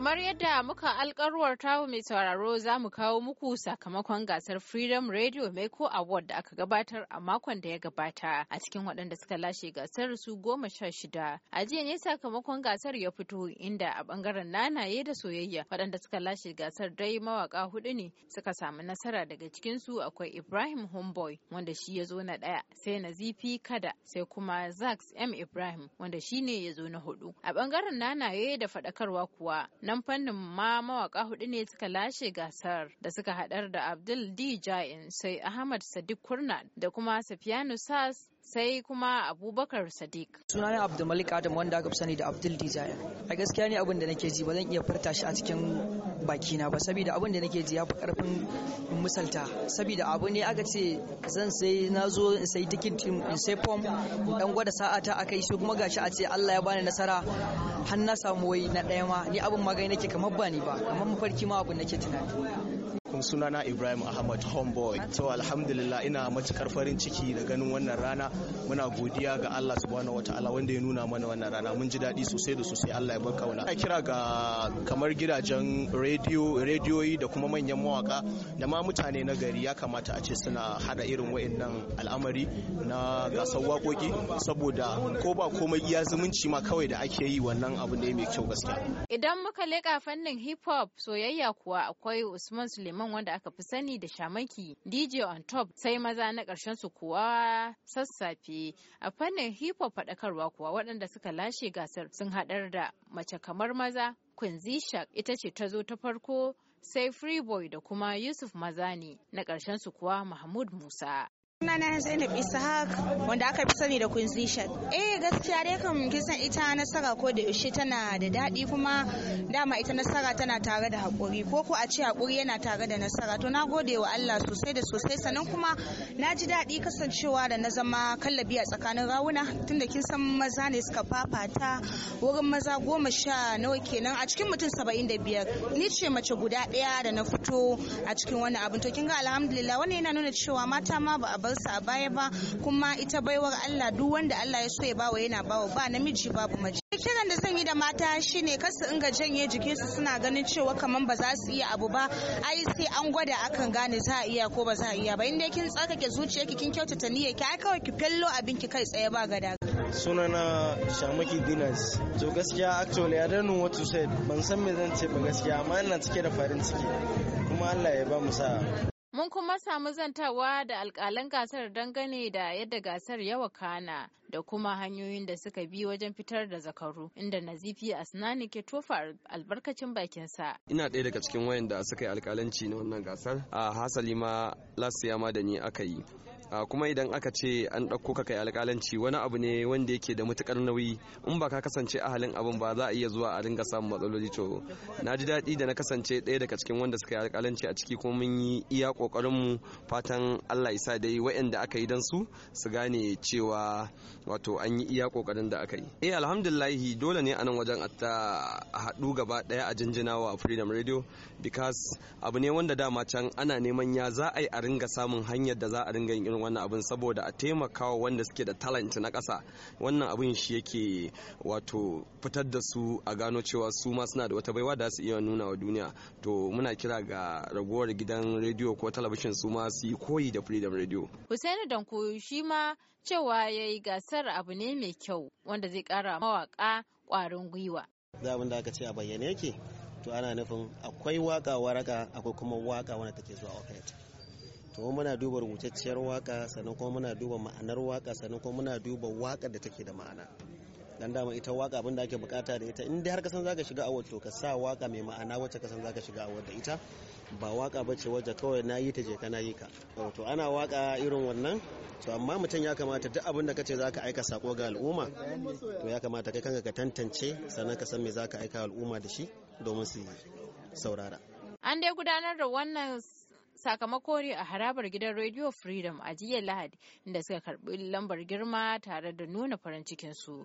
kamar yadda muka alkaruwar tawo mai sauraro za mu kawo muku sakamakon gasar Freedom Radio Meko Award da aka gabatar a makon da ya gabata a cikin waɗanda suka lashe gasar su goma sha shida. A jiya ne sakamakon gasar ya fito inda a ɓangaren nanaye da soyayya waɗanda suka lashe gasar dai mawaka hudu ne suka samu nasara daga cikin su akwai Ibrahim Homeboy wanda shi ya zo na ɗaya sai na Nazifi Kada sai kuma Zax M Ibrahim wanda shi ne ya zo na hudu. A ɓangaren nanaye da faɗakarwa kuwa wannan fannin ma mawaka hudu ne suka lashe gasar da suka haɗar da Abdul D. Jain sai Ahmad Sadiq Kurna da kuma Safiyanu Sas sai kuma abubakar sadiq sunana abdulmalik adam wanda aka fi sani da abdul desire a gaskiya ne abin da nake ji ba zan iya furta shi a cikin bakina ba saboda abin da nake ji ya fi karfin misalta saboda abu ne aka ce zan sai na zo in sai tikitin in sai form dan gwada sa'a ta aka yi shi kuma gashi a ce Allah ya bani nasara har na samu wai na ɗaya ma ni abin magani nake kamar ba ni ba kamar mafarki ma abin nake tunani kun sunana Ibrahim Ahmad Homeboy. To alhamdulillah ina matukar farin ciki da ganin wannan rana muna godiya ga Allah subhanahu wataala wanda ya nuna mana wannan rana mun ji daɗi sosai da sosai Allah ya bar kauna kira ga kamar gidajen radio rediyoyi da kuma manyan mawaka da ma mutane na gari ya kamata a ce suna hada irin wa'annan al'amari na gasar waƙoƙi saboda ko ba komai iya zumunci ma kawai da ake yi wannan abu ne mai kyau gaskiya idan muka leƙa fannin hip hop soyayya kuwa akwai Usman Suleiman wanda aka fi sani da Shamaki DJ on top sai maza na ƙarshen su kuwa sassa safe a fannin hip hop faɗakarwa kuwa waɗanda suka lashe gasar sun haɗar da mace kamar maza Quincy Shak ita ce ta zo ta farko sai Freeboy da kuma Yusuf Mazani na ƙarshen su kuwa Mahmud Musa. sunana Zainab Ishaq wanda aka fi sani da Quinzishan. Eh gaskiya dai kam kisan ita nasara ko da yaushe tana da daɗi kuma dama ita nasara tana tare da haƙuri ko ko a ce haƙuri yana tare da nasara to na gode wa Allah sosai da sosai sannan kuma na ji daɗi kasancewa da na zama kallabi a tsakanin rawuna tunda kin san maza ne suka fafata wurin maza goma sha nawa kenan a cikin mutum saba'in da biyar ni ce mace guda ɗaya da na fito a cikin wani abin to kin ga alhamdulillah wannan yana nuna cewa mata ma ba a su a baya ba kuma ita baiwar Allah duk wanda Allah ya so ya bawa yana bawa ba namiji babu mace kiran da zan yi da mata shine kasu inga janye jikinsu suna ganin cewa kaman ba za su iya abu ba ai sai an gwada akan gane za a iya ko ba za a iya ba inda kin tsakake zuciyarki kin kyautata ki ai kawai ki fello abin ki kai tsaye ba gada sunana shamaki dinas to gaskiya actually i don't know what to say ban san me zan ce ba gaskiya amma ina cike da farin ciki kuma Allah ya ba mu sa'a Mun kuma samu zantawa da alƙalin gasar dangane da yadda gasar ya wakana da kuma hanyoyin da suka bi wajen fitar da zakaru inda nazifi asnani ke tofa albarkacin bakinsa ina ɗaya daga cikin wayan da suka yi alkalanci na wannan gasar a hasali ma lasiya ma da ni aka yi kuma idan aka ce an ɗauko ka kai alƙalanci wani abu ne wanda yake da matuƙar nauyi in ba ka kasance a halin abin ba za a iya zuwa a ringa samun matsaloli to na ji daɗi da na kasance ɗaya daga cikin wanda suka yi alƙalanci a ciki kuma mun yi iya ƙoƙarinmu fatan allah isa dai wa'inda aka yi don su su gane cewa wato an yi iya kokarin da aka yi eh alhamdulillahi dole ne a nan wajen ta haɗu gaba ɗaya a jinjina wa freedom radio because abu ne wanda dama can ana neman ya za a yi a ringa samun hanyar da za a ringa yin irin wannan abin saboda a taimakawa wanda suke da talent na ƙasa wannan abin shi yake wato fitar da su a gano cewa su ma suna da wata baiwa da su iya nuna wa duniya to muna kira ga ragowar gidan radio ko talabishin su ma su yi koyi da freedom radio Hussaini Danko shi ma cewa ya yi gasar nasara abu ne mai kyau wanda zai kara mawaka kwarin gwiwa. Za abin da aka ce a bayyane yake to ana nufin akwai waka waraka akwai kuma waka wanda take zuwa operate. To muna duba rubutacciyar waka sannan kuma muna duba ma'anar waka sannan kuma muna duba waka da take da ma'ana. dan dama ita waka abin da ake bukata da ita in dai har kasan zaka shiga awal to ka sa waka mai ma'ana wacce kasan zaka shiga awal da ita ba waka bace wacce kawai na yi ta je kana yi ka to ana waka irin wannan to amma mutum ya kamata duk abin da kace zaka aika sako ga al'umma to ya kamata kai kanka ka tantance sannan ka san me zaka aika al'umma da shi domin su saurara an dai gudanar da wannan sakamako ne a harabar gidan Radio Freedom a jiya Lahadi inda suka karbi lambar girma tare da nuna farin cikin su.